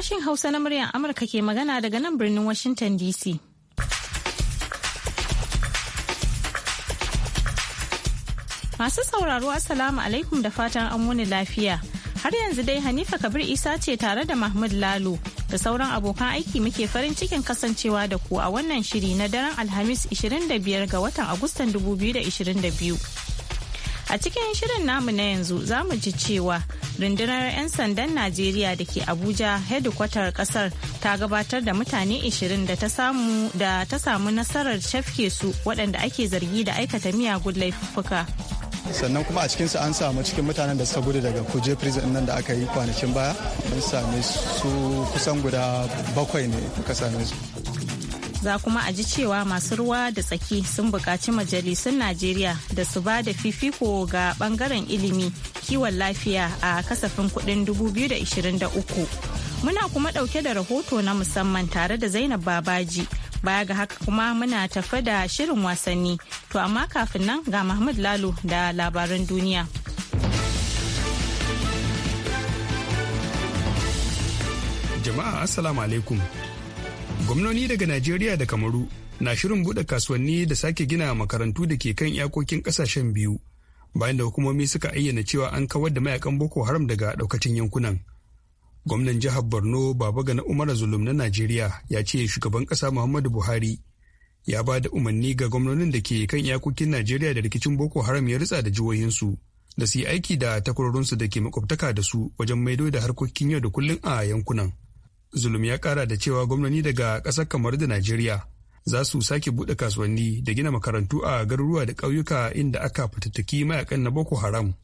Sashen Hausa na muryar Amurka ke magana daga nan birnin Washington DC. Masu sauraro Assalamu alaikum da fatan an wuni lafiya. Har yanzu dai Hanifa Kabir Isa ce tare da Mahmud Lalo da sauran abokan aiki muke farin cikin kasancewa da ku a wannan shiri na daren Alhamis 25 ga watan Agustan 2022. A cikin shirin namu na yanzu za mu ji cewa rundunar 'yan sandan Najeriya da ke Abuja hedikwatar kasar ta gabatar da mutane 20 da ta samu nasarar shafke su waɗanda ake zargi da aikata miyagun laifuka. sannan kuma a cikinsu an samu cikin mutanen da suka gudu daga kuje prison nan da aka yi kwanakin baya an same su kusan guda bakwai ne kuka same su za kuma a ji cewa masu ruwa da tsaki sun buƙaci majalisun najeriya da su ba da fifiko ga ɓangaren ilimi kiwon lafiya a kasafin kuɗin 2023 muna kuma ɗauke da rahoto na musamman tare da zainab babaji baya ga haka kuma muna tafe da shirin wasanni to amma kafin nan ga mahmud lalo da labaran duniya jama'a assalamu alaikum gwamnoni daga najeriya da kamaru na shirin bude kasuwanni da sake gina makarantu da ke kan iyakokin ƙasashen biyu bayan da hukumomi suka ayyana cewa an kawar da mayakan boko haram daga ɗaukacin yankunan gwamnan jihar borno baba gana umar zulum na najeriya ya ce shugaban kasa muhammadu buhari ya ba da umarni ga gwamnonin da ke kan iyakokin najeriya da rikicin boko haram ya ritsa da jihohinsu da su yi aiki da takwarorinsu da ke makwabtaka da su wajen maido da harkokin yau da kullum a yankunan zulum ya kara da cewa gwamnoni daga ƙasar kamar da najeriya za su sake buɗe kasuwanni da gina makarantu a garuruwa da ƙauyuka inda aka fitattaki mayakan na boko haram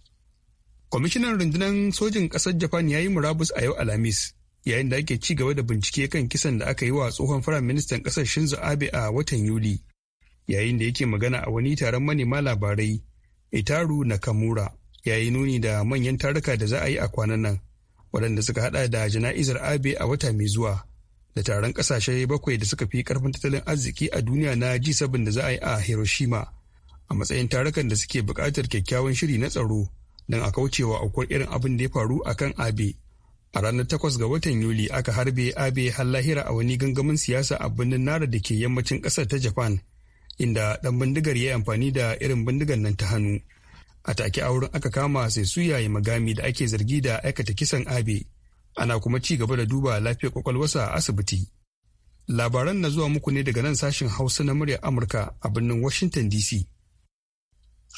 kwamishinan rundunar sojin ƙasar japan ya yi murabus a yau alhamis yayin da ake ci gaba da bincike kan kisan da aka yi wa tsohon firayim ministan ƙasar shinzo abe a watan yuli yayin da yake magana a wani taron manema labarai itaru nakamura ya yi nuni da manyan taruka da za a yi a kwanan nan waɗanda suka hada da jana'izar abe a wata mai zuwa da taron ƙasashe bakwai da suka fi karfin tattalin arziki a duniya na g7 da za a yi a hiroshima a matsayin tarukan da suke buƙatar kyakkyawan shiri na tsaro don a kaucewa aukuwar irin abin da ya faru a kan abe a ranar 8 ga watan yuli aka harbe abe har lahira a wani gangamin siyasa a birnin nara da ke yammacin ƙasar ta japan inda ɗan bindigar ya yi amfani da irin bindigar nan ta hannu a take a wurin aka kama sai su yayi magami da ake zargi da aikata kisan abe ana kuma ci gaba da duba lafiyar kwakwalwarsa a asibiti labaran na zuwa muku ne daga nan sashen hausa na muryar amurka a birnin washington dc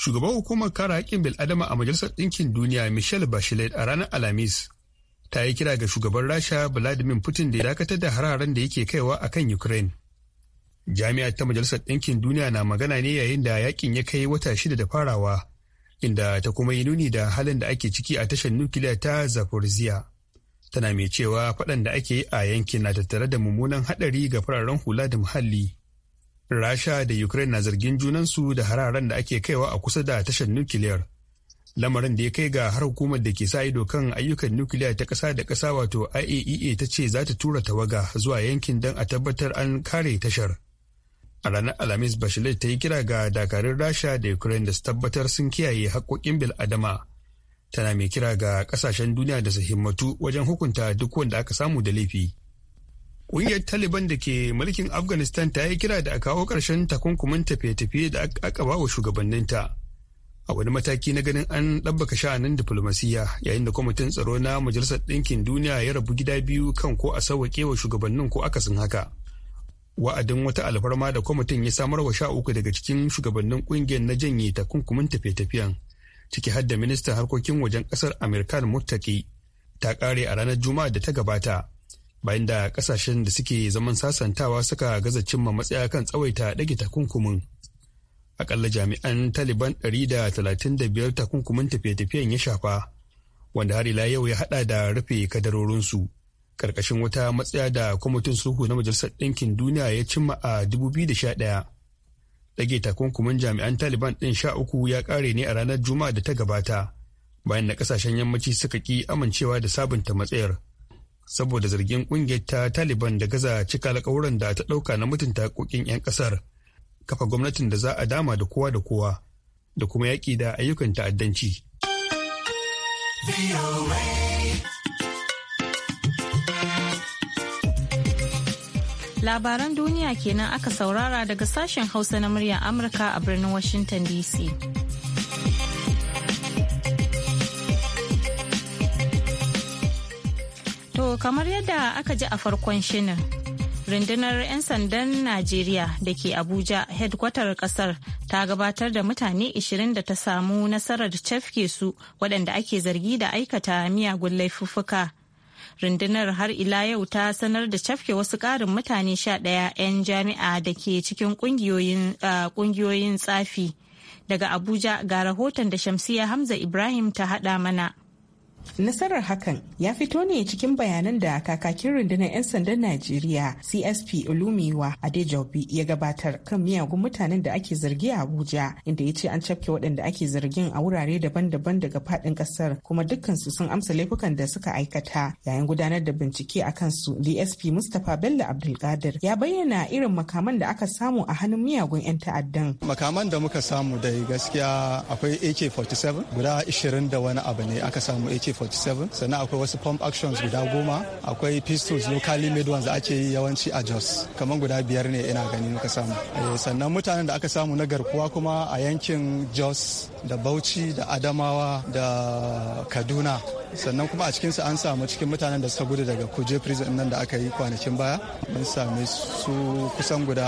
shugaban hukumar kare haƙƙin bil'adama a majalisar ɗinkin duniya michelle bachelet a ranar alhamis ta yi kira ga shugaban rasha vladimir putin da ya dakatar da hararen da yake kaiwa a kan ukraine jami'ar ta majalisar ɗinkin duniya na magana ne yayin da yakin ya kai wata shida da farawa inda ta kuma yi nuni da halin da ake ciki a tashar nukiliya ta Zaporizhia. Tana mai cewa faɗan da ake yi a yankin na tattare da mummunan haɗari ga fararen hula da muhalli. Rasha da Ukraine na zargin junansu da hararen da ake kaiwa a kusa da tashar nukiliyar. Lamarin da ya kai ga har hukumar da ke sa ido kan ayyukan nukiliya ta ƙasa da ƙasa wato IAEA e ta ce za ta tura tawaga zuwa yankin don a tabbatar an kare tashar. a ranar alhamis bachelet ta yi kira ga dakarun rasha da ukraine da su tabbatar sun kiyaye haƙoƙin bil'adama tana mai kira ga ƙasashen duniya da su himmatu wajen hukunta duk wanda aka samu da laifi ƙungiyar taliban da ke mulkin afghanistan ta yi kira da a kawo ƙarshen takunkumin tafiye-tafiye da aka ba wa shugabanninta a wani mataki na ganin an ɗabbaka sha'anin diflomasiyya yayin da kwamitin tsaro na majalisar ɗinkin duniya ya rabu gida biyu kan ko a sauwaƙe wa shugabannin ko akasin haka wa'adin wata alfarma da kwamitin ya samar wa sha uku daga cikin shugabannin kungiyar na janye takunkumin tafiye-tafiyen ciki har da ministan harkokin wajen kasar amerikan muttaki ta kare a ranar juma'a da ta gabata bayan da kasashen da suke zaman sasantawa suka gaza cimma matsaya kan tsawaita dage takunkumin akalla jami'an taliban ɗari da 135 takunkumin tafiye-tafiyen ya shafa wanda har ila yau ya hada da rufe kadarorinsu ƙarƙashin wata matsaya da kwamitin sulhu na majalisar ɗinkin duniya ya cimma a 2011 ɗage takunkumin jami'an taliban ɗin sha uku ya ƙare ne a ranar juma'a da ta gabata bayan da ƙasashen yammaci suka ƙi amincewa da sabunta matsayar saboda zargin ƙungiyar ta taliban da gaza cika alƙawuran da ta ɗauka na mutunta haƙoƙin 'yan ƙasar kafa gwamnatin da za a dama da kowa da kowa da kuma yaƙi da ayyukan ta'addanci. Labaran duniya kenan aka saurara daga sashen Hausa na muryar Amurka a birnin Washington DC. To kamar yadda aka ji a farkon shinin. Rundunar 'yan sandan Najeriya da ke Abuja hedkwatar kasar ta gabatar da mutane 20 da ta samu nasarar cafke su waɗanda ake zargi da aikata miyagun laifuffuka. rundunar har ila yau ta sanar da cafke wasu ƙarin mutane sha ɗaya 'yan jami'a da ke cikin ƙungiyoyin tsafi daga abuja ga rahoton da shamsiya hamza ibrahim ta haɗa mana Nasarar hakan ya fito ne cikin bayanan da kakakin rundunar 'yan sandan Najeriya CSP Olumiwa Adejobi ya gabatar kan miyagun mutanen da ake zargi a Abuja inda ya ce an cafke waɗanda ake zargin a wurare daban-daban daga faɗin ƙasar kuma dukkansu sun amsa laifukan da suka aikata yayin gudanar da bincike a kansu DSP Mustapha Bello Abdulkadir ya bayyana irin makaman da aka samu a hannun miyagun 'yan ta'addan. Makaman da muka samu dai gaskiya akwai AK-47 guda 20 da wani abu ne aka samu AK-47 47 sannan akwai wasu pump actions guda goma akwai pistols locally made ones da ake yi yawanci a Jos kamar guda biyar ne ina gani muka samu eh, sannan mutanen da aka samu na garkuwa kuma a yankin Jos da Bauchi da Adamawa da Kaduna sannan kuma a cikinsu an samu cikin mutanen da suka gudu daga kuje prison nan da aka yi kwanakin baya mun same su kusan guda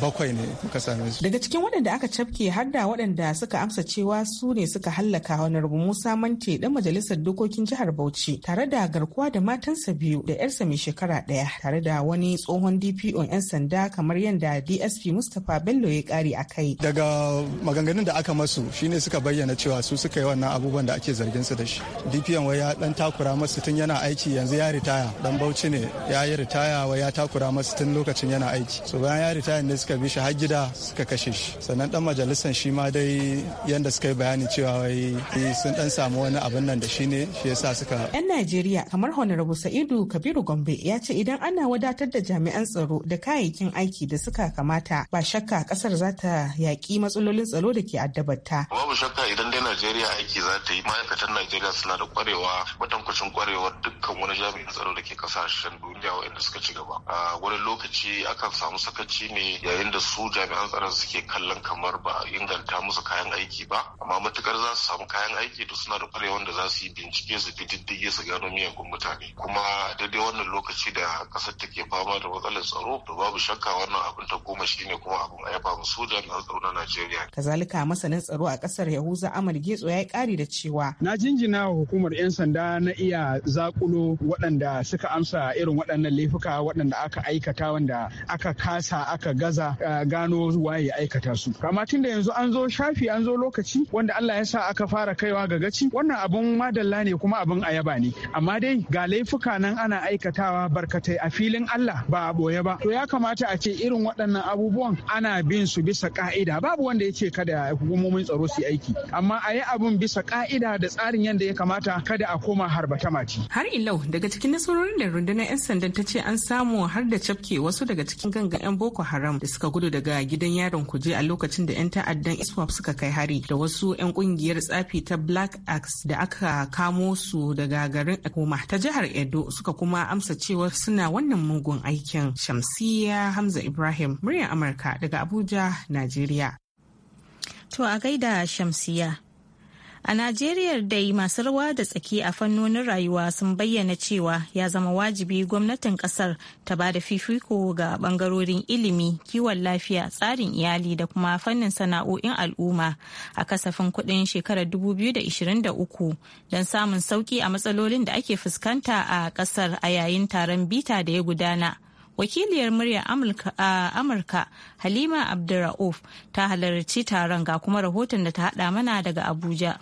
bakwai ne muka same su daga cikin waɗanda aka cafke har da waɗanda suka amsa cewa su ne suka hallaka honorable musa mante dan majalisar dokoki dokokin jihar Bauchi tare da garkuwa da matansa biyu da yarsa mai shekara ɗaya tare da wani tsohon DPO 'yan sanda kamar yadda DSP Mustapha Bello ya kare a kai. Daga maganganun da aka masu shine suka bayyana cewa su suka yi wannan abubuwan da ake zargin su da shi. DPO wai ya dan takura masu tun yana aiki yanzu ya ritaya dan Bauchi ne ya yi ritaya wai ya takura masu tun lokacin yana aiki. So bayan ya ritaya ne suka bi shi har gida suka kashe shi. Sannan dan majalisan shi ma dai yanda suka yi bayani cewa wai sun dan samu wani abin nan da shi ne shi yasa suka yan Najeriya kamar Honorable Sa'idu Kabiru Gombe ya ce idan ana wadatar da jami'an tsaro da kayayyakin aiki da suka kamata ba shakka kasar za ta yaƙi matsalolin tsaro da ke addabarta. Babu shakka idan dai Najeriya aiki za ta yi ma'aikatan Najeriya suna da kwarewa matankucin kwarewar dukkan wani jami'in tsaro da ke kasashen duniya waɗanda suka ci gaba. A wani lokaci akan samu sakaci ne yayin da su jami'an tsaro suke kallon kamar ba inganta musu kayan aiki ba amma matukar za su samu kayan aiki to suna da kwarewar da za su yi bincike ke su bi diddige su gano kun mutane kuma daidai wannan lokaci da kasar take fama da matsalar tsaro da babu shakka wannan abin ta goma shine kuma abin a yaba musu da tsaro na Najeriya kazalika masanin tsaro a kasar Yahuza Amal Getso ya yi kari da cewa na jinjina hukumar 'yan sanda na iya zakulo waɗanda suka amsa irin waɗannan laifuka waɗanda aka aikata wanda aka kasa aka gaza gano waye aikata su kama tun da yanzu an zo shafi an zo lokaci wanda Allah ya sa aka fara kaiwa ga gaci wannan abun madalla ne ne kuma abin ayaba ne amma dai ga laifuka nan ana aikatawa barkatai a filin Allah ba a boye ba to ya kamata a ce irin waɗannan abubuwan ana bin su bisa ka'ida babu wanda ya ce kada hukumomin tsaro su aiki amma a yi abin bisa ka'ida da tsarin yadda ya kamata kada a koma harbata mace har ilau daga cikin nasarorin da rundunar 'yan sanda ta ce an samu har da cafke wasu daga cikin gangan 'yan boko haram da suka gudu daga gidan yaron kuje a lokacin da 'yan ta'addan iswap suka kai hari da wasu 'yan kungiyar tsafi ta black axe da aka kamo kamo su daga garin Ekoma ta jihar Edo suka kuma amsa cewa suna wannan mugun aikin. Shamsiya Hamza Ibrahim, muryar Amurka daga Abuja, Najeriya. To a gaida Shamsiya. A Najeriya dai masu rawa da tsaki a fannonin rayuwa sun bayyana cewa ya zama wajibi gwamnatin kasar ta ba da fifiko ga bangarorin ilimi, kiwon lafiya, tsarin iyali da kuma fannin sana'o'in al'umma a kasafin kuɗin shekarar 2023 don samun sauki a matsalolin da ake fuskanta a kasar a yayin taron bita da ya gudana. wakiliyar muryar amurka halima Abdurra'uf ta halarci taron ga kuma rahoton da ta hada mana daga abuja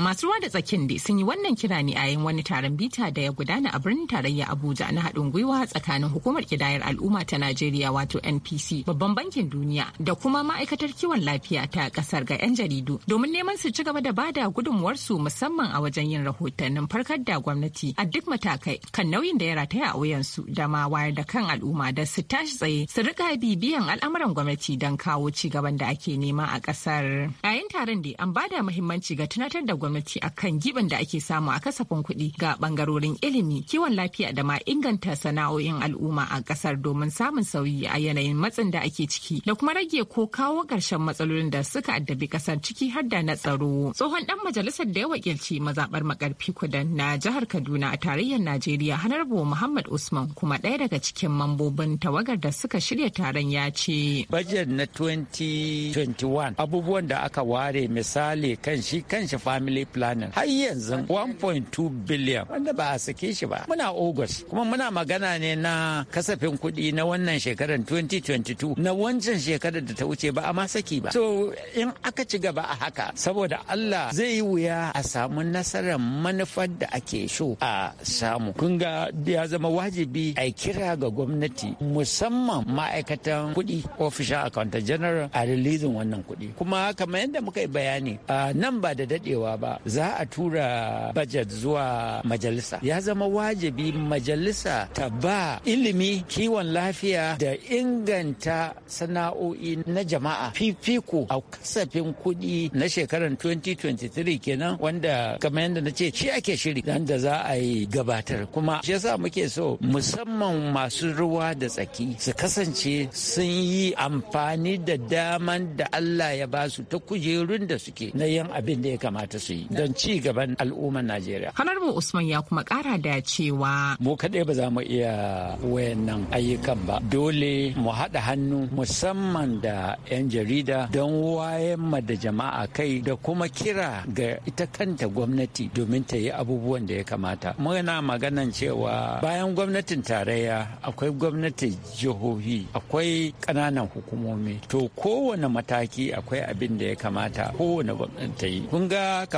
Masu ruwa da tsakin dai sun yi wannan kira ne a yayin wani taron bita da ya gudana a birnin tarayya Abuja na haɗin gwiwa tsakanin hukumar kidayar al'umma ta Najeriya wato NPC babban bankin duniya da kuma ma'aikatar kiwon lafiya ta ƙasar ga 'yan jaridu domin neman su ci gaba da bada gudunmuwarsu musamman a wajen yin rahotannin farkar da gwamnati a duk matakai kan nauyin da ya rataya a wuyansu da ma wayar da kan al'umma da su tashi tsaye su rika bibiyan al'amuran gwamnati don kawo ci gaban da ake nema a ƙasar. Yayin taron da an bada muhimmanci ga tunatar da gwamnati gwamnati akan gibin da ake samu a kasafin kuɗi ga bangarorin ilimi kiwon lafiya da ma inganta sana'o'in al'umma a ƙasar domin samun sauyi a yanayin matsin da ake ciki da kuma rage ko kawo ƙarshen matsalolin da suka addabi ƙasar ciki har da na tsaro tsohon dan majalisar da ya wakilci mazaɓar makarfi kudan na jihar kaduna a tarayyar najeriya hanarbo muhammad usman kuma ɗaya daga cikin mambobin tawagar da suka shirya taron ya ce bajet na 2021 abubuwan da aka ware misali kan shi kan shi family planning har yanzu 1.2 billion wanda ba a sake shi ba muna august kuma muna magana ne na kasafin kuɗi na wannan shekarar 2022 na wancan shekarar da ta wuce ba a ma saki ba so in aka ci gaba a haka saboda Allah zai yi wuya a samu nasarar manufar da ake so a samu kun ga ya zama wajibi a kira ga gwamnati musamman ma'aikatan kuɗi official accountant general a releasing wannan kuɗi kuma kamar yadda muka yi bayani a nan ba da dadewa ba za a tura bajet zuwa majalisa ya zama wajibi majalisa ta ba ilimi kiwon lafiya da inganta sana'o'i na jama'a fifiko a kasafin kuɗi na shekarar 2023 kenan wanda kamar yadda na ce shi ake shiri nan da za a yi gabatar kuma shi yasa muke so musamman masu ruwa da tsaki su kasance sun yi amfani da daman da Allah ya ba su ta kujerun da suke na yin abin da ya kamata su su don ci gaban al'ummar Najeriya. Honorable Usman ya kuma kara da cewa mu kaɗai ba za mu iya wayannan ayyukan ba dole mu haɗa hannu musamman da 'yan jarida don wayan da jama'a kai da kuma kira ga ita kanta gwamnati domin ta yi abubuwan da ya kamata. Muna maganan cewa bayan gwamnatin tarayya akwai gwamnatin jihohi akwai ƙananan hukumomi to kowane mataki akwai abin da ya kamata kowane gwamnati ta yi.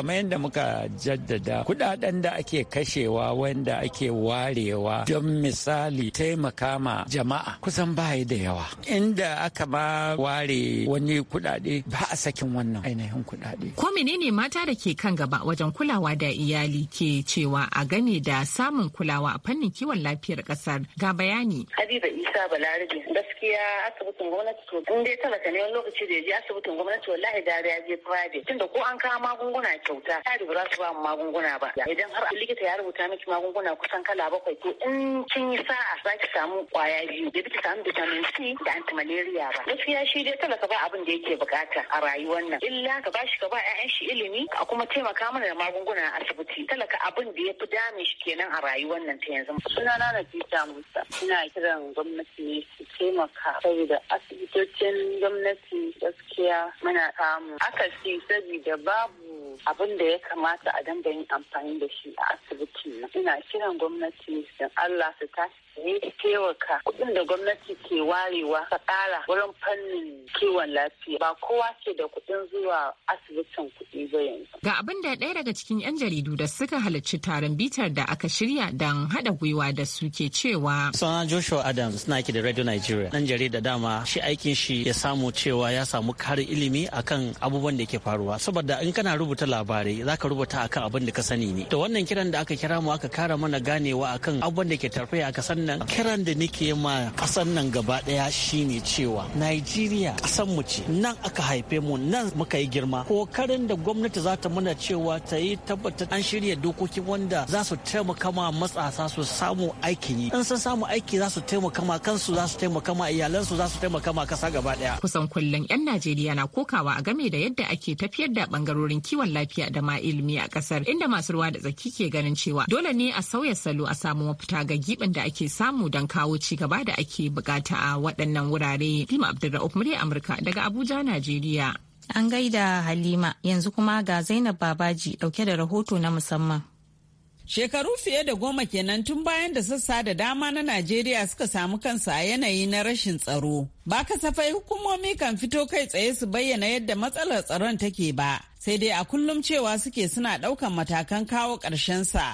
kamar yadda muka jaddada kudaden da ake kashewa wanda ake warewa don misali taimaka ma jama'a kusan ba da yawa inda aka ma ware wani kudade ba a sakin wannan ainihin kudade ko menene mata da ke kan gaba wajen kulawa da iyali ke cewa a game da samun kulawa a fannin kiwon lafiyar kasar ga bayani habiba isa balarabe gaskiya asibitin gwamnati to in dai talaka ne wani lokaci da ya je asibitin gwamnati wallahi da ya je private tunda ko an kawo magunguna kyauta ta da ba su ba magunguna ba idan har likita ya rubuta miki magunguna kusan kala bakwai ko in kin yi sa'a za ki samu kwaya biyu da ki samu vitamin C da malaria ba gaskiya shi dai talaka ba abin da yake bukata a rayuwar nan illa ka bashi ka ba 'ya'yan shi ilimi a kuma taimaka mana da magunguna a asibiti talaka abin da ya fi damin shi kenan a rayuwar nan ta yanzu suna na fita Musa ina kiran gwamnati ne su taimaka saboda asibitocin gwamnati gaskiya muna samu akasi saboda babu abin da ya kamata a dinga yin amfani da shi a asibitin nan ina kiran gwamnati don allah su tashi ne ta taimaka kudin da gwamnati ke warewa ka ƙara wurin fannin kiwon lafiya ba kowa ce da kuɗin zuwa asibitin kuɗi ba yanzu. Ga abin da ɗaya daga cikin 'yan jaridu da suka halarci taron bitar da aka shirya don haɗa gwiwa da su ke cewa. Suna Joshua Adams suna ki da Radio Nigeria. Ɗan jarida dama shi aikin shi ya samu cewa ya samu karin ilimi akan abubuwan da ke faruwa. Saboda in kana rubuta labarai za ka rubuta akan abin da ka sani ne. Da wannan kiran da aka kira mu aka kara mana ganewa akan abubuwan da ke tarfe a kasar nan kiran da nake ma kasar nan gaba daya shine cewa Najeriya kasar mu ce nan aka haife mu nan muka yi girma kokarin da gwamnati za ta muna cewa ta yi tabbatar an shirya dokoki wanda za su taimaka ma matsasa su samu aikin yi in sun samu aiki za su taimaka ma kansu za su taimaka ma iyalan su za su taimaka ma kasa gaba daya. kusan kullun 'yan Najeriya na kokawa a game da yadda ake tafiyar da bangarorin kiwon lafiya da ma ilimi a kasar inda masu ruwa da tsaki ke ganin cewa dole ne a sauya salo a samu mafita ga giɓin da ake samu don kawo ci gaba da ake bukata a waɗannan wurare. Halima Abdulra'uf murya Amurka daga Abuja, Najeriya. An gaida Halima yanzu kuma ga Zainab Babaji ɗauke da rahoto na musamman. Shekaru fiye da goma kenan tun bayan da sassa da dama na Najeriya suka samu kansa a yanayi na rashin tsaro. Ba kasafai hukumomi kan fito kai tsaye su bayyana yadda matsalar tsaron take ba, sai dai a kullum cewa suke suna ɗaukan matakan kawo ƙarshensa.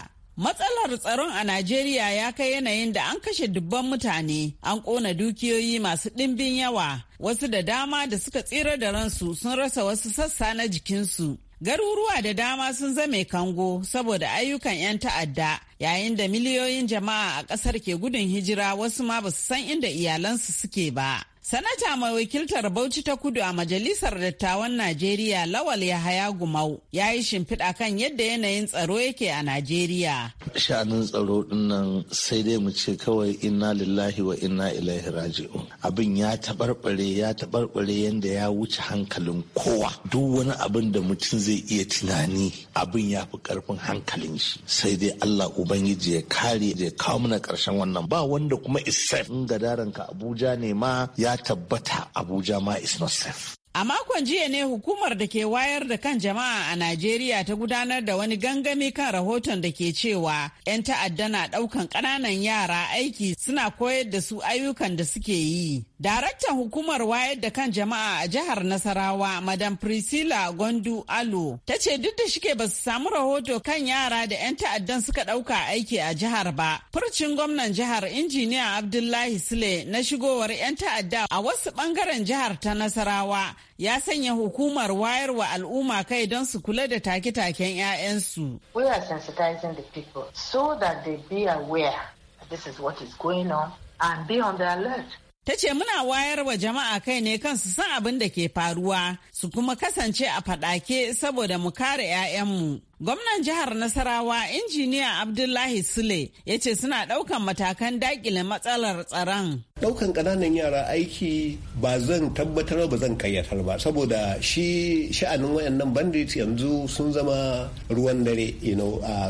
Matsalar tsaron a Najeriya ya kai yanayin da an kashe dubban mutane, an ƙona dukiyoyi masu ɗimbin yawa, wasu da dama da suka tsira da ransu sun rasa wasu sassa na jikinsu. Garuruwa da dama sun zame kango saboda ayyukan 'yan ta'adda yayin da miliyoyin jama'a a ƙasar ke gudun hijira wasu ma ba su san inda iyalansu suke ba. Sanata mai wakiltar Bauchi ta Kudu a Majalisar Dattawan Najeriya Lawal Yahaya Gumau ya yi shimfiɗa kan yadda yanayin tsaro yake a Najeriya. Sha'anin tsaro dinnan sai dai mu ce kawai inna lillahi wa inna ilaihi raji'un. Abin ya taɓarɓare ya taɓarɓare yadda ya wuce hankalin kowa. Duk wani abin da mutum zai iya tunani abin ya fi ƙarfin hankalin shi. Sai dai Allah Ubangiji ya kare ya kawo mana karshen wannan ba wanda kuma isa. In gadaranka Abuja ne ma ya tabbata Abuja ma is not safe. A makon jiya ne hukumar da ke wayar da kan jama'a a Najeriya ta gudanar da wani gangami kan rahoton da ke cewa 'yan ta'adda na ɗaukan ƙananan yara aiki suna koyar da su ayyukan da suke yi. Daraktan hukumar wayar da kan jama'a a jihar Nasarawa, Madam Priscilla Gondu Alo, ta ce duk da shike ba su samu rahoto kan yara da 'yan ta'addan suka ɗauka aiki a jihar ba. Furcin gwamnan jihar Injiniya Abdullahi Sule na shigowar 'yan ta'adda a wasu ɓangaren jihar ta Nasarawa ya sanya hukumar wayarwa al'umma kai don su kula da take-taken 'ya'yansu. We are sensitizing the people so that they be aware that this is what is going on and be on the alert. Ta ce muna wayar wa jama'a kai ne kan su san abin da ke faruwa su kuma kasance a faɗake saboda mu kare 'ya'yanmu. Gwamnan jihar Nasarawa injiniya Abdullahi Sule ya ce suna ɗaukan matakan daƙile matsalar tsaron. Ɗaukan ƙananan yara aiki ba zan tabbatar ba zan kayyatar ba saboda shi sha'anin wayannan bandits yanzu sun zama ruwan dare you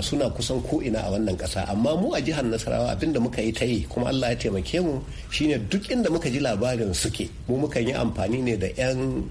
suna kusan ko'ina a wannan ƙasa amma mu a jihar Nasarawa abin da muka yi ta yi kuma Allah ya taimake mu shine duk inda muka ji labarin suke mu muka yi amfani ne da 'yan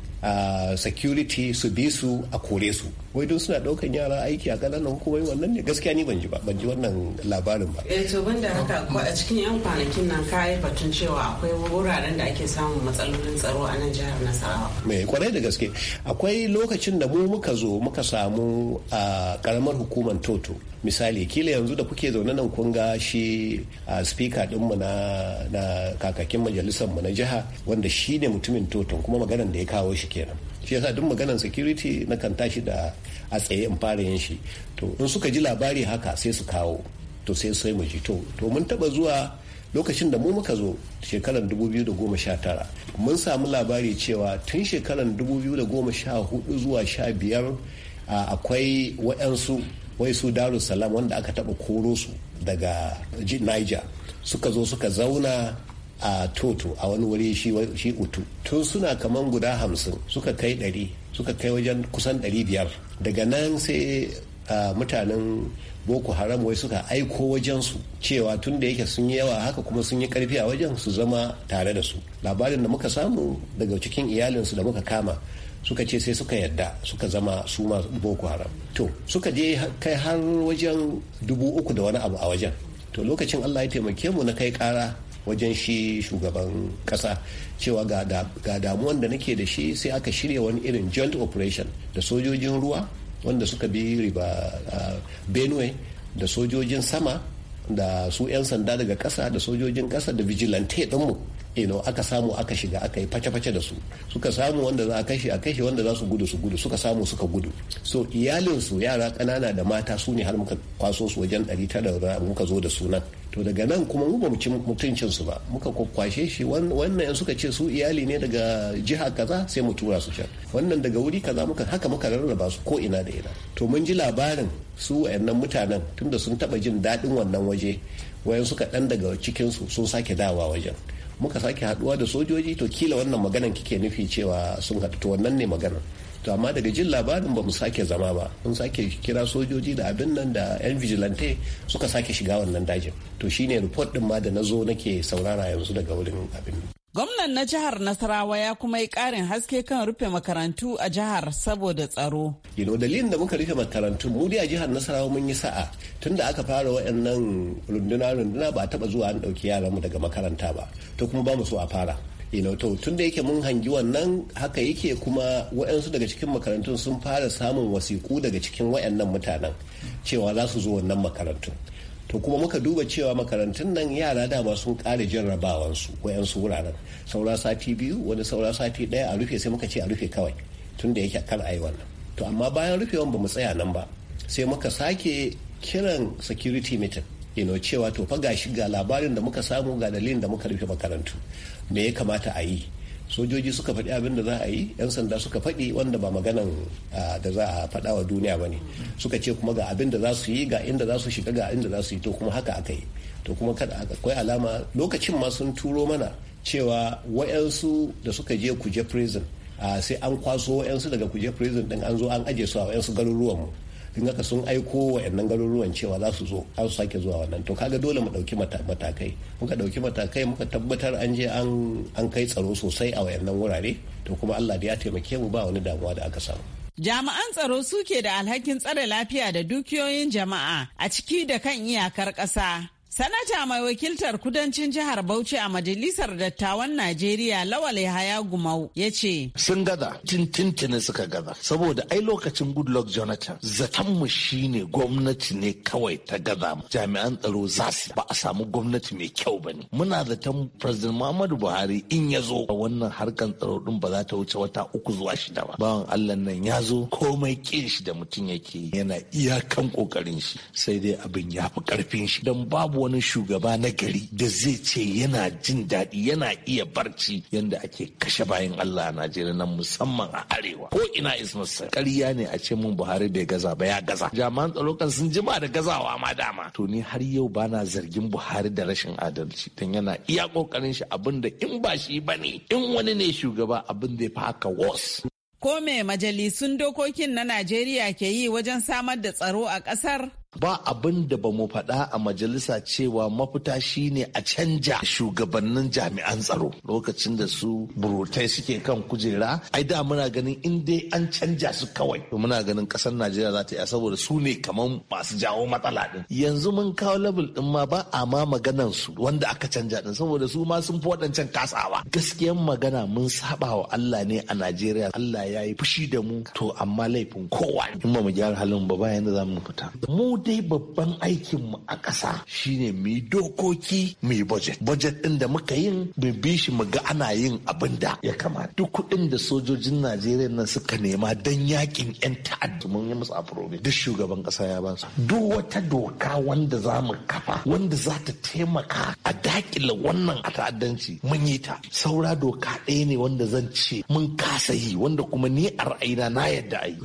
security su bi su a kore su wai don suna daukan yara aiki a kananan hukumai wannan ne gaskiya ni ban ji ba ban ji wannan labarin ba eh to banda haka a cikin yan kwanakin nan ka yi batun cewa akwai wuraren da ake samun matsalolin tsaro a nan jihar Nasarawa me kwarai da gaske akwai lokacin da mu muka zo muka samu a karamar hukumar Toto misali kila yanzu da kuke zaune nan kun ga shi a speaker dinmu na na kakakin majalisar mu na jiha wanda shi ne mutumin totun kuma maganar da ya kawo shi kenan shi yasa duk maganar security na kan tashi da a tsaye in fara yin shi to in suka ji labari haka sai su kawo to sai sai mu ji to to mun taba zuwa lokacin da mu muka zo shekarar 2019 mun samu labari cewa tun shekarar 2014 zuwa 15 akwai waɗansu wai su darussalam wanda aka taba koro su daga niger suka zo suka zauna a toto a wani wuri shi utu tun suna kaman guda hamsin suka kai ɗari suka kai wajen kusan ɗari biyar daga nan sai mutanen boko haram wai suka aiko wajen su cewa tun da yake sun yi yawa haka kuma sun yi karfi a wajen su zama tare da su labarin da muka samu daga cikin iyalinsu da muka kama suka ce sai suka yadda suka zama su ma boko haram to suka je kai har wajen dubu uku da wani abu a wajen to lokacin allah ya taimake mu na kai kara wajen shi shugaban kasa cewa ga damuwan da nake da shi sai aka shirya wani irin joint operation da sojojin ruwa wanda suka bi riba benue da sojojin sama da su 'yan sanda daga kasa da sojojin kasa da vigilante ɗinmu you aka samu aka shiga aka yi face-face da su suka samu wanda za a kashe a kashe wanda za su gudu su gudu suka samu suka gudu so iyalinsu yara kanana da mata su ne har muka kwaso su wajen ɗari tara da muka zo da sunan to daga nan kuma mu ba mu ci mutuncin su ba muka kwakwashe shi wannan yan suka ce su iyali ne daga jiha kaza sai mu tura su can wannan daga wuri kaza muka haka muka rarraba su ko ina da ina to mun ji labarin su wayannan mutanen tunda sun taba jin daɗin wannan waje wayan suka ɗan daga cikinsu sun sake dawa wajen muka sake haduwa da sojoji to kila wannan maganan kike nufi cewa sun haɗu to wannan ne maganan to amma daga jin labarin ba mu sake zama ba mun sake kira sojoji da abin nan da yan vigilante suka sake shiga wannan dajin to shine report din ma da na zo nake saurara yanzu daga wurin abin Gwamnan na jihar Nasarawa ya kuma yi ƙarin haske kan rufe makarantu a jihar saboda tsaro. Yino dalilin da muka rufe makarantu mu dai a jihar Nasarawa mun yi sa'a tun da aka fara waɗannan runduna-runduna ba a taɓa zuwa an ɗauki mu daga makaranta ba to kuma ba mu so a fara. you to tun da yake mun hangi wannan haka yake kuma waɗansu daga cikin makarantun sun fara samun wasiku daga cikin waɗannan mutanen cewa za su zo wannan makarantun to kuma muka duba cewa makarantun nan yara dama sun kare jarrabawansu wayansu wuraren saura sati biyu wani saura sati daya a rufe sai muka ce a rufe kawai tun da yake kar ayi wannan to amma bayan rufewan ba mu tsaya nan ba sai muka sake kiran security meeting you know, cewa to fa gashi ga labarin da muka samu ga dalilin da muka rufe makarantu me ya kamata a yi sojoji suka faɗi abin da za a yi yan sanda suka faɗi wanda ba maganan da za a faɗa wa duniya ba ne suka ce kuma ga abin da za su yi ga inda za su shiga ga inda za su yi to kuma haka aka yi to kuma kada akwai alama lokacin ma sun turo mana cewa wayansu da suka je kuje prison sai an kwaso wayansu daga kuje prison din an zo an aje su a wayansu garuruwan mu in haka sun aiko wa yannan garuruwan cewa za su zo an sake zuwa wannan to kaga dole mu ɗauki matakai muka ɗauki matakai muka tabbatar an je an kai tsaro sosai a wayannan wurare to kuma allah da ya taimake mu ba wani damuwa da aka samu Jami'an tsaro suke da alhakin tsare lafiya da dukiyoyin jama'a a ciki da kan iyakar ƙasa. Sanata mai wakiltar kudancin jihar Bauchi a Majalisar Dattawan Najeriya Lawal Yahaya Gumau ya ce. Sun gaza, tintintini suka gaza, saboda ai lokacin Goodluck Jonathan zatanmu shi ne gwamnati ne kawai ta gaza jami'an tsaro za su ba a samu gwamnati mai kyau ba ne. Muna zaton President Muhammadu Buhari in ya zo wannan harkan tsaro din ba za ta wuce wata uku zuwa shida ba. Bawan Allah nan ya zo komai kin shi da mutum yake yana iyakan kokarin shi sai dai abin ya fi karfin shi don babu wani shugaba na gari da zai ce yana jin daɗi yana iya barci Yadda ake kashe bayan Allah a Najeriya nan musamman a arewa ko ina ismasa ƙarya ne a ce mun Buhari bai gaza ba ya gaza jami'an tsaro kan sun jima da gazawa ma dama to ni har yau bana zargin Buhari da rashin adalci dan yana iya kokarin shi abinda in ba shi bane in wani ne shugaba abin da ya fi haka was Ko me majalisun dokokin na Najeriya ke yi wajen samar da tsaro a ƙasar? ba abin da ba mu faɗa a majalisa cewa mafita shine a canja shugabannin jami'an tsaro lokacin da su burutai suke kan kujera ai da muna ganin in dai an canja su kawai to muna ganin ƙasar najeriya za ta yi saboda su ne kamar masu jawo matsala din yanzu mun kawo level din ma ba a ma maganan su wanda aka canja din saboda su ma sun fi waɗancan kasawa gaskiyan magana mun saba wa Allah ne a Najeriya Allah ya yi fushi da mu to amma laifin kowa in ba mu gyara halin ba ba yanda za mu fita mu dai babban aikinmu a ƙasa shine mu yi dokoki mu yi budget budget ɗin da muka yi. mu bi shi mu ga ana yin abin da ya kamata duk kuɗin da sojojin najeriya nan suka nema dan yakin yan ta'addu mun yi musu aprobe duk shugaban ƙasa ya ba su duk wata doka wanda za mu kafa wanda za ta taimaka a dakila wannan a ta'addanci mun yi ta saura doka ɗaya ne wanda zan ce mun kasa yi wanda kuma ni a ra'ayina na yadda a yi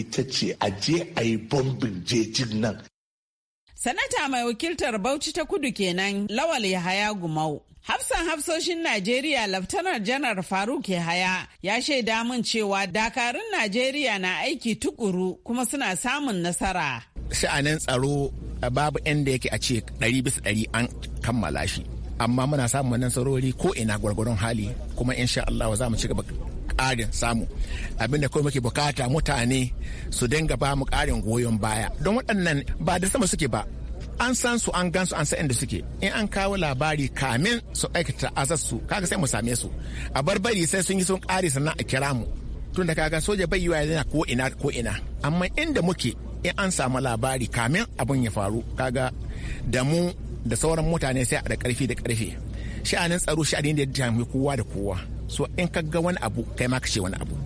ita ce a je a yi bombin jejin na Sanata mai wakiltar Bauchi ta kudu kenan Lawal Yahaya Gumau. Hafsan hafsoshin Najeriya Laftanar Janar Faruk Yahaya ya shaida mun cewa dakarun Najeriya na aiki tukuru kuma suna samun nasara. Sha'anin tsaro babu inda yake a ce ɗari bisa ɗari an kammala shi. Amma muna samun wannan sarori ko ina gwargwaron hali kuma insha Allah za mu ci gaba ƙarin samu abinda da kawai muke bukata mutane su dinga ba mu ƙarin goyon baya don waɗannan ba da sama suke ba an san su an gan su an san inda suke in an kawo labari kamin su aikata azar su kaga sai mu same su a barbari sai sun yi sun kare sannan a kira mu tun da kaga soja bai yiwa yana ko ina ko ina amma inda muke in an samu labari kamin abin ya faru kaga da mu da sauran mutane sai a da karfi da karfi sha'anin tsaro sha'anin da ya jami kowa da kowa so in ka ga wani abu kai ma ka ce wani abu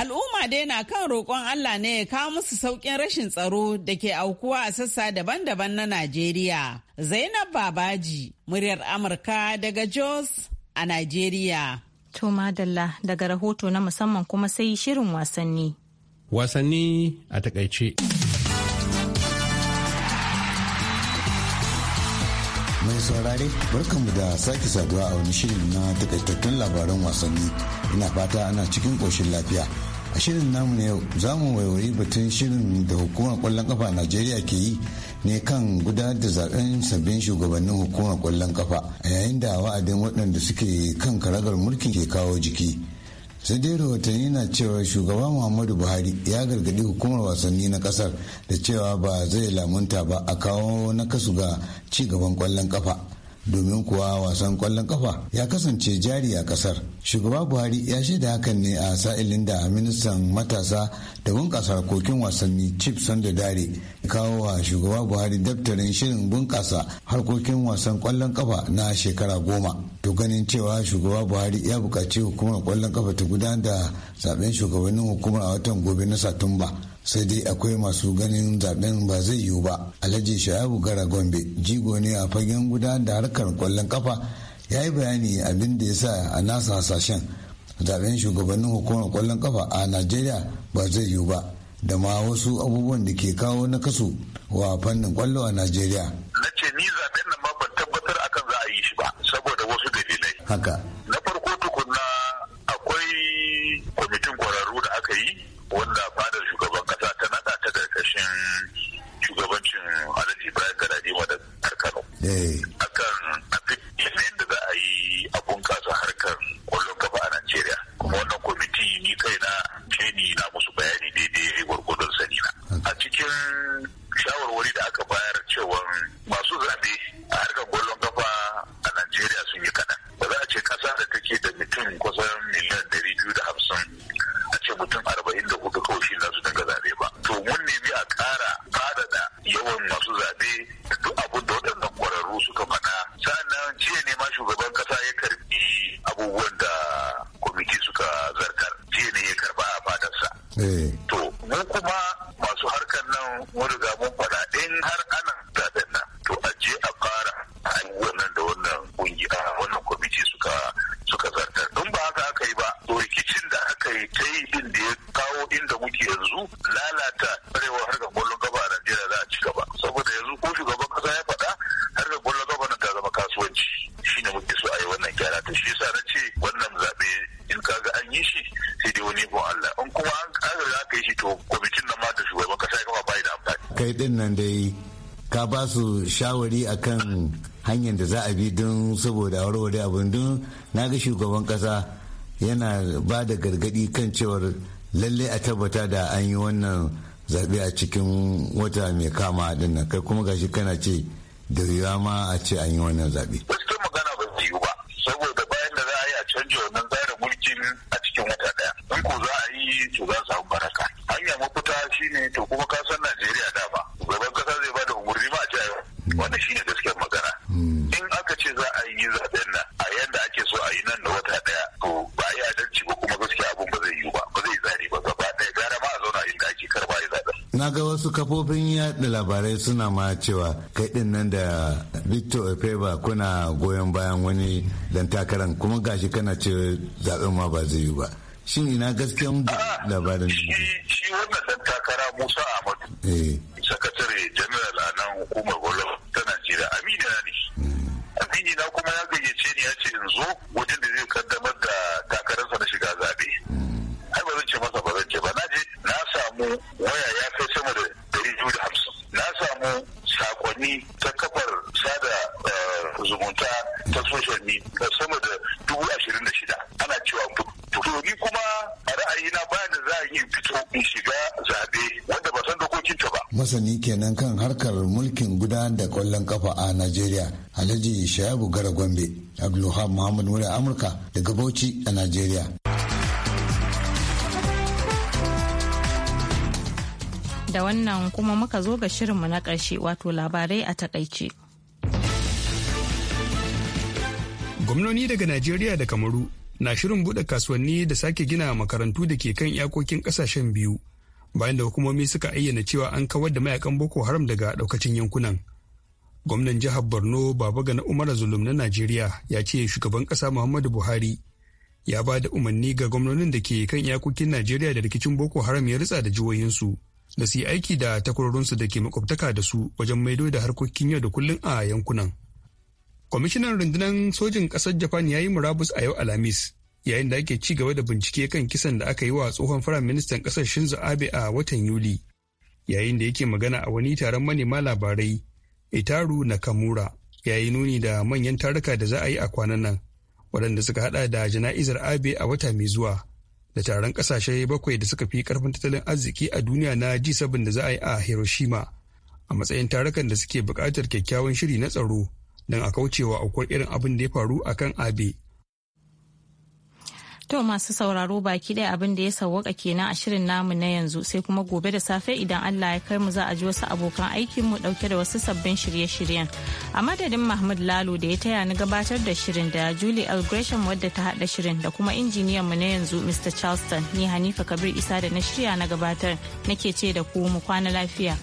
Al'umma dai na kan roƙon Allah ne ya kawo musu sauƙin rashin tsaro da ke aukuwa a sassa daban-daban na Najeriya. Zainab Babaji, muryar Amurka daga Jos a Najeriya. To Madalla daga rahoto na musamman kuma sai shirin wasanni. Wasanni a takaice. mai saurare barkanmu da sake saduwa a wani shirin na takaitattun labaran wasanni ina fata ana cikin koshin lafiya a shirin namu na yau za mu waiwayi batun shirin da hukumar kwallon kafa a najeriya ke yi ne kan gudanar da zaben sabbin shugabannin hukumar kwallon kafa a yayin da wa'adin waɗanda suke kan karagar mulkin ke kawo jiki sai dai rahotanni na cewa shugaba muhammadu buhari ya gargadi hukumar wasanni na kasar da cewa ba zai lamunta ba a kawo na kasu ga ci gaban kwallon kafa domin kuwa wasan kwallon kafa ya kasance jari a kasar shugaba buhari ya shaida hakan ne a sa'ilin da ministan matasa da bunƙasa harkokin wasanni chip sanda dare kawo wa shugaba buhari daftarin shirin bunƙasa harkokin wasan kwallon kafa na shekara goma to ganin cewa shugaba buhari ya buƙaci hukumar kwallon kafa ta gudanar da zaben shugabannin hukumar a watan gobe na satumba sai dai akwai masu ganin zaben ba zai yiwu ba alhaji shayabu gara gombe jigo ne a fagen guda da harkar kwallon kafa ya yi bayani abin da ya sa a nasa hasashen zaben shugabannin hukumar kwallon kafa a najeriya ba zai yiwu ba da ma wasu abubuwan da ke kawo na kasu wa fannin kwallo a najeriya na ce ni zaben nan ma ban tabbatar akan za a yi shi ba saboda wasu dalilai haka Hey. yanzu lalata arewa harkar kwallon gaba a Najeriya za a ci gaba saboda yanzu ko shugaban kasa ya faɗa harkar kwallon gaba na ta zama kasuwanci shine muke so a yi wannan gyara ta shi yasa na ce wannan zaɓe in kaga an yi shi sai dai wani ikon Allah in kuma an kaga za ka yi shi to kwamitin nan ma da shugaban kasa ya kafa bai da amfani. kai din nan dai ka ba su shawari akan hanyar da za a bi don saboda warware abin don na ga shugaban kasa yana ba da gargaɗi kan cewar lalle a tabbata da an yi wannan zaɓe a cikin wata mai kama nan kai kuma gashi kana ce da ma a ce an yi wannan zaɓe. wasu kafofin yaɗa labarai suna ma cewa kai nan da victor efeba kuna goyon bayan wani dan takarar kuma gashi kana ce zaben ma ba zai yi ba shin ina gaskiyan labarin da kwallon kafa a Najeriya Alhaji Shayabu Gara Gombe abdulhab Muhammad Mura Amurka daga Bauchi a Najeriya. Da wannan kuma muka zo ga shirinmu na ƙarshe wato labarai a takaice. Gwamnoni daga Najeriya da Kamaru na shirin buɗe kasuwanni da sake gina makarantu da ke kan iyakokin ƙasashen biyu bayan da hukumomi suka ayyana cewa an kawar da mayakan Boko Haram daga ɗaukacin yankunan. gwamnan jihar borno na umar zulum na najeriya ya ce shugaban kasa muhammadu buhari ya ba da umarni ga gwamnonin da ke kan iyakokin najeriya da rikicin boko haram ya ritsa da jihohinsu da su yi aiki da takwarorinsu da ke makwabtaka da su wajen maido da harkokin yau da kullum a yankunan kwamishinan rundunar sojin ƙasar japan ya yi murabus a yau alhamis yayin da ake ci gaba da bincike kan kisan da aka yi wa tsohon ministan ƙasar shinzo abe a watan yuli yayin da yake magana a wani taron manema labarai itaru nakamura ya yi nuni da manyan taruka da za a yi a kwanan nan waɗanda suka haɗa da jana'izar abe a wata mai zuwa da taron ƙasashe bakwai da suka fi ƙarfin tattalin arziki a duniya na g7 da za a yi a hiroshima a matsayin tarukan da suke buƙatar kyakkyawan shiri na tsaro don a kaucewa aukuwar irin abin da ya faru akan kan abe To masu sauraro baki ɗaya abin da ya sauwaka kenan a shirin namu na yanzu sai kuma gobe da safe idan Allah ya kai mu za a ji wasu abokan aikin mu ɗauke da wasu sabbin shirye-shiryen. A madadin Mahmud Lalo da ya taya ni gabatar da shirin da Julie L. wadda ta haɗa shirin da kuma injiniyan mu na yanzu Mr. Charleston ni Hanifa Kabir Isa da na shirya na gabatar nake ce da ku mu kwana lafiya.